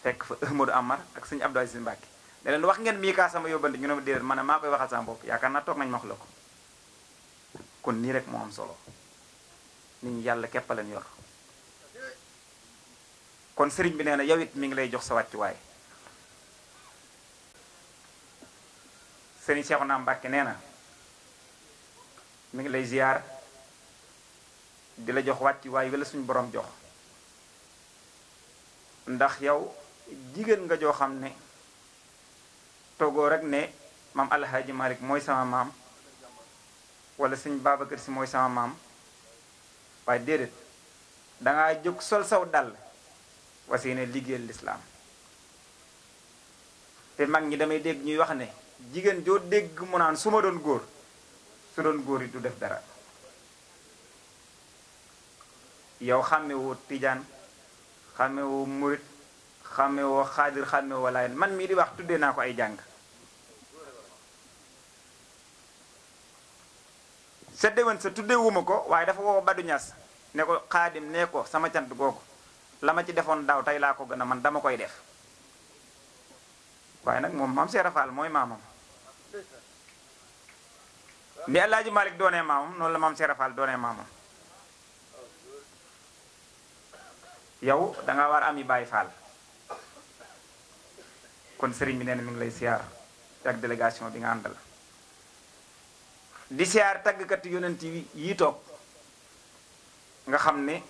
fekk fa Ahmadou Amar ak sëñ Abdou Aziz Mbacke ne leen wax ngeen mii kaa sama yóbbante ñu ne ma déedéet ma ne maa koy waxal sama bopp yaakaar naa toog nañ ma wax la ko kon nii rek moo am solo nit yàlla képp leen yor kon sëriñ bi nee na yow it mi ngi lay jox sa wàccuwaay sëriñ Cheikhouna Mbacké nee na mu ngi lay ziar di la jox wàccuwaay wala suñu boroom jox ndax yow jigéen nga joo xam ne toogoo rek ne maam alhaaji Malick mooy sama maam wala sëñ Babacar si mooy sama maam waaye déedéet dangaa jóg sol saw dàll was yéene liggéeyal lislaam te mag ñi damay dégg ñuy wax ne jigéen joo dégg mu suma doon góor su doon góor yi du def dara yow xàmme woo tijaan xàmme woo murit xàmme woo xaadir xàmme woo man mii di wax tuddee naa ko ay jàng sa déwén sa tuddee wuma ko waaye dafa woo Badou Niass ne ko xaadim ne ko sama cant googu la ma ci defoon daaw tey laa ko gën a man dama koy def waaye nag moom maam Seera Fall mooy maamam ni Alaaji Malick doonee maamam noonu la maam Seera Fall doonee maamam yow da nga war ami bàyyi Fall kon sëriñ bi nee na mi ngi lay siyaar ak délégation bi nga àndal di siyaar tàggkat yonent yi toog nga xam ne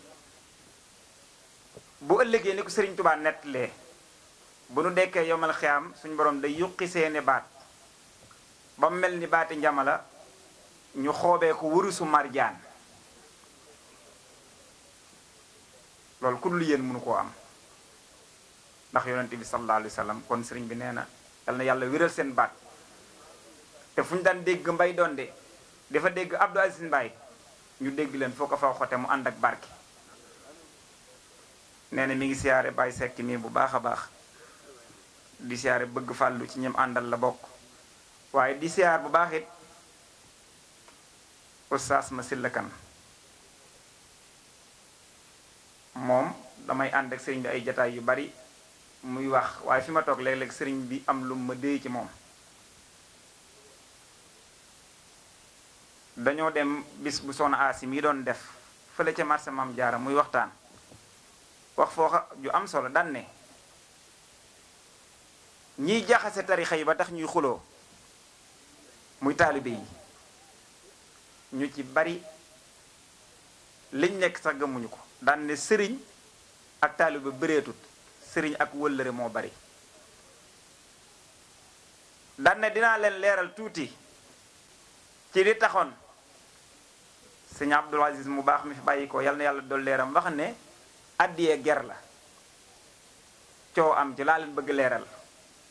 bu ëllëgee ni ko sëriñ tubaa nettalee bu nu dekkee yomal xiyaam suñ borom day yuqi seeni baat ba mel ni baati njamala ñu xoobee ko wurusu marjaan loolu ku dul yéen mënu koo am ndax yonent bi sallallahu alayhi wa kon sëriñ bi nee na yal na yàlla wéral seen baat te fu ñu daan dégg mbay doon de dafa dégg Abdou Aziz Mbaye ñu dégg leen foo ko faw xote mu ànd ak barke nee mi ngi siyaare Baye Seck mii bu baax a baax di siyaare bëgg fàllu ci ñem àndal la bokk waaye di siyaar bu baax it oustaz ma sillakan moom damay ànd ak sëriñ bi ay jataay yu bari muy wax waaye fi ma toog léeg-léeg sëriñ bi am lu ma déy ci moom dañoo dem bis bu soxna aasi mi doon def fële ca marché Maam Jaara muy waxtaan wax foo ju am solo dan ñiy jaxase tarixa yi ba tax ñuy xuloo muy taalibe yi ñu ci bari liñ nekk sax gëmuñu ko daan sëriñ ak taalibe bëreetut sëriñ ak wëllëre moo bari daan dinaa leen leeral tuuti ci di taxoon sëñ Abdul Aziz mu baax mi fi bàyyi ko yal na yàlla dool leeram wax ne addiyee ger la coow am ci laa leen bëgg leeral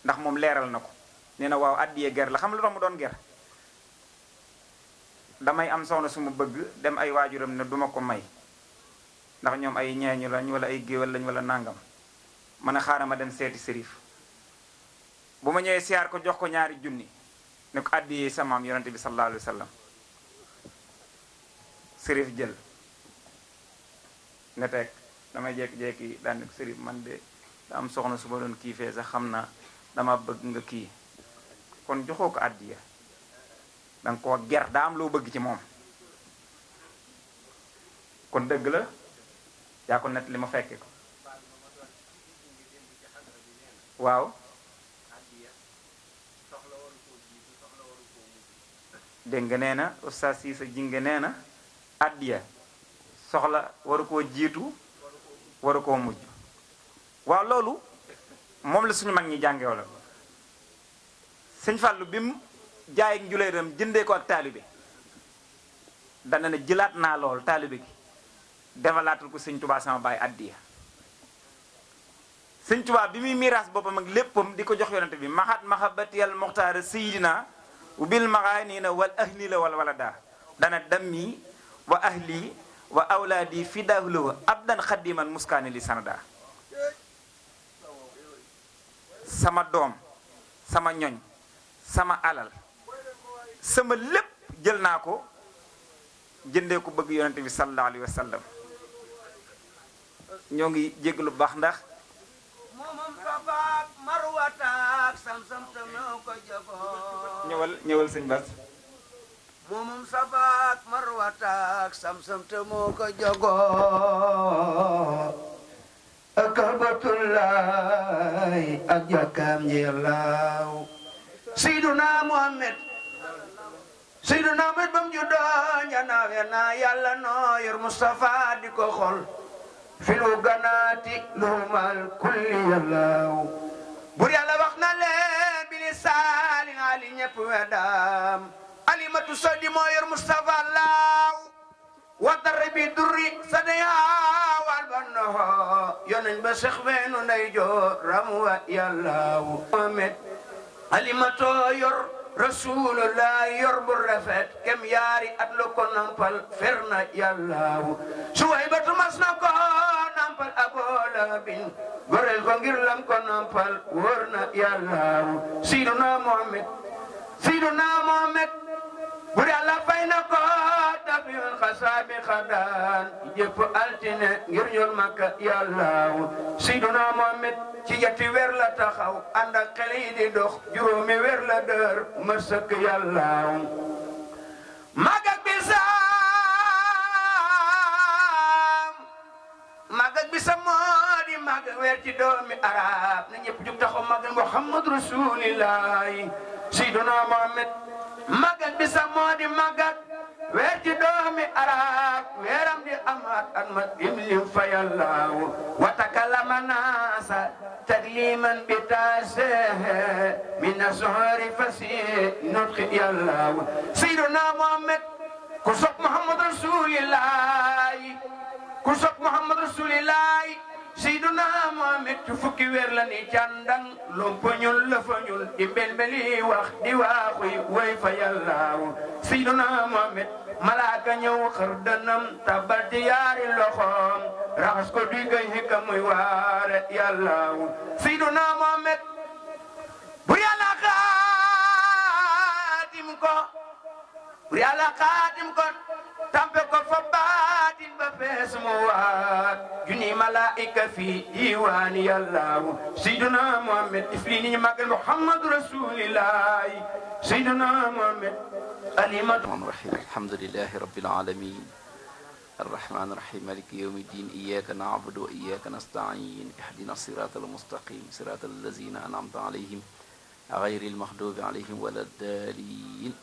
ndax moom leeral na ko nee na waaw addiyee ger la xam la tax mu doon ger damay am soxna su ma bëgg dem ay waajuram ne duma ko may ndax ñoom ay ñeeñu lañ wala ay géwél lañ wala nàngam mën a xaaral ma dem seeti sërif bu ma ñëwee siyaar ko jox ko ñaari junni ne ko addiyee samaam yonente bi sallallahu alayhi wa sallam sërif jël ne teg damay jekki-jekki daan ko man de soxna su ma doon kii sax xam na dama bëgg nga kii kon joxoo ko àddiya da ko koo ger daa loo bëgg ci moom kon dëgg la yaa ko net li ma fekke ko waaw dégg nga nee na oustaz Cissé jinge nee na addiya soxla waru koo jiitu waru ko mujj waaw loolu moom la suñu mag ñi jàngew la sëñ Fàllu bi mu jaay njuleeram jëndee ko ak taalibe dana ne jëlaat naa lool taalibe gi defalaatul ko sëñ tubaa sama baay addiya sëñ tubaa bi muy miraas boppam ak léppam di ko jox yonante bi maxat mahabatiyal muxtaara sayidina ubil maxaanina wal ahnila wal walada dana dammi wa ahli wa awlaadi fidaahu lahu abdan xadiman muskaani li sanada sama doom sama ñoñ sama alal sama lépp jël naa ko jënde ko bëgg yonente bi sallallahu alayhi ñoo ngi lu baax ndax ñëwal ñëwal sëñ moo moom safaak marwataak samsam te moo ko jogoo ak kabatullaay ak jàkkaam njëlaaw seyduna muhammed seyduna muhammed bam juddoo njanaawe na yàlla noo yor mustafa di ko xol filu ganaati luumal kulli yàllaaw bur yàlla wax na leen bi lisaani ali ñepp weddaam xalimatu sadi moo yor Mustafa laaw watare bi durri sadeyaaw albannoho yonañ ba sex feenu nday joor ramuwa yàllaaw Muhammad xalimatoo yor rasulullah yor bu rafet kem yaari at la ko nampal fer na yàllaaw suwaybatu mas na ko nampal aboola bin gorel ko ngir lam ko nampal wóor na yàllaaw siduna Muhammad siduna Muhammad bur yàlla fay na ko dafiyul xasaabi xadaan jëpp altine ngir ñun makka yàllaaw Seydina Muhammad ci yetti weer la taxaw ànd ak xel yi di dox juróomi weer la dër mër sëkk yàllaaw magak bi saam moo di magal weer ci doomi arab na ñëpp jug taxaw magal Muhammad rasulillahi Seydina Muhammad magal bi sax moo di magal weer ci doomi arab weeram di amaat at ma imlim fa yallaahu wa takallama naasa takliman bi taase min asohori fasi nutqi yallaahu sayyiduna muhammad ku sopp muhammad rasulillahi ku sopp muhammad rasulillahi Seyduna Muhammad fukki weer la ni càndang lompoñul lëfañul di mbelmbeli wax di waaxuy way fa yàllaaw Seyduna Muhammad malaaka ñëw xër dënam tabal ci yaari loxoom raxas ko di gay hikka muy waare yàllaaw Seyduna Muhammad bu yàlla xaatim ko bu yàlla xaatim ko tampe ko fa baatin ba fees mu waat junni malaayika fi diwaani yàllaahu sayyiduna muhammad ifli ni ñu màggal muhammadu rasulillahi sayyiduna muhammad alimatu rahim alhamdulillahi rabbil alamin الرحمن الرحيم مالك يوم الدين إياك نعبد وإياك نستعين اهدنا الصراط المستقيم صراط الذين أنعمت عليهم غير المغضوب عليهم ولا الضالين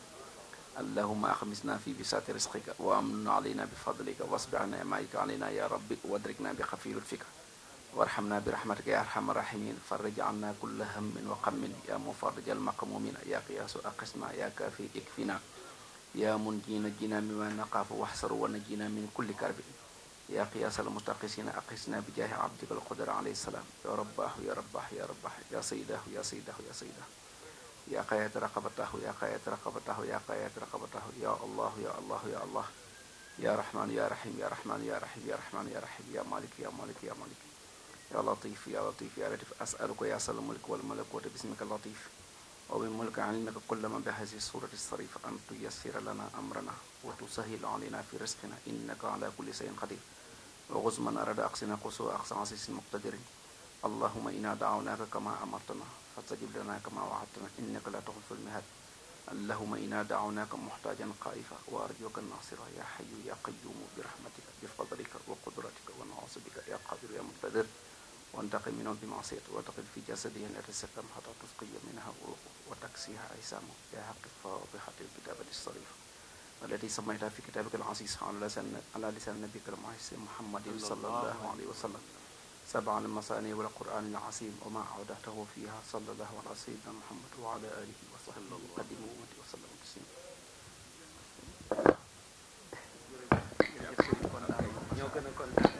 allahuma axmisna fi bisaati risqika wa amnun alayna bi fadlika wasbi an imaayika alayna ya rabbi wadrikna bi xafiirul fika warhamna bi rahmatika ya arhama rahimin farrij anna kulla hammin wa qammin ya mufarrij almaqmumina ya qiyaasu aqisna ya kaafi ikfina ya munjina jina mima naqaafu waxsaru wa najina min kulli karbi ya qiyaas almustaqisina aqisna bi jaahi abdika alqudra alayhi salaam ya rabbahu ya rabbahu ya rabbahu ya sayyidahu ya sayyidahu ya sayyidahu يا قاية رقبته يا قاية رقبته يا قاية رقبته يا الله يا الله يا الله يا رحمن يا رحيم يا رحمن يا رحيم يا رحمن يا رحيم يا مالك يا مالك يا مالك يا لطيف يا لطيف يا لطيف أسألك يا سل الملك والملكوت باسمك اللطيف وبملك علمك كل ما بهذه الصورة الصريفة أن تيسر لنا أمرنا وتسهل علينا في رزقنا إنك على كل شيء قدير وغز من أراد أقصنا قصوى أقصى عزيز المقتدر اللهم إنا دعوناك كما أمرتنا fastajib lana kama wa'adtana innaka la tuxliful mi'aad allahumma inna da'awnaaka muxtaajan xaa'ifa wa arjuka nasira ya xayu ya qayumu bi rahmatika bi fadlika wa qudratika wa nausu bika ya qaadir ya muqtadir wantaqim minhu bi maasiyati wa taqil fi jasadihi la tasakam xata tusqiya minha ruuxu wa taksiha aysamu ya xaqi faadihati alkitabati sarifa التي سميتها في كتابك العزيز على لسان على لسان نبيك المعز محمد صلى الله عليه وسلم سبعا المثاني والقرآن العظيم وما أودعته فيها صلى الله على سيدنا محمد وعلى آله وصحبه وقدم أمتي وسلم تسليما ñoo gën a kontaan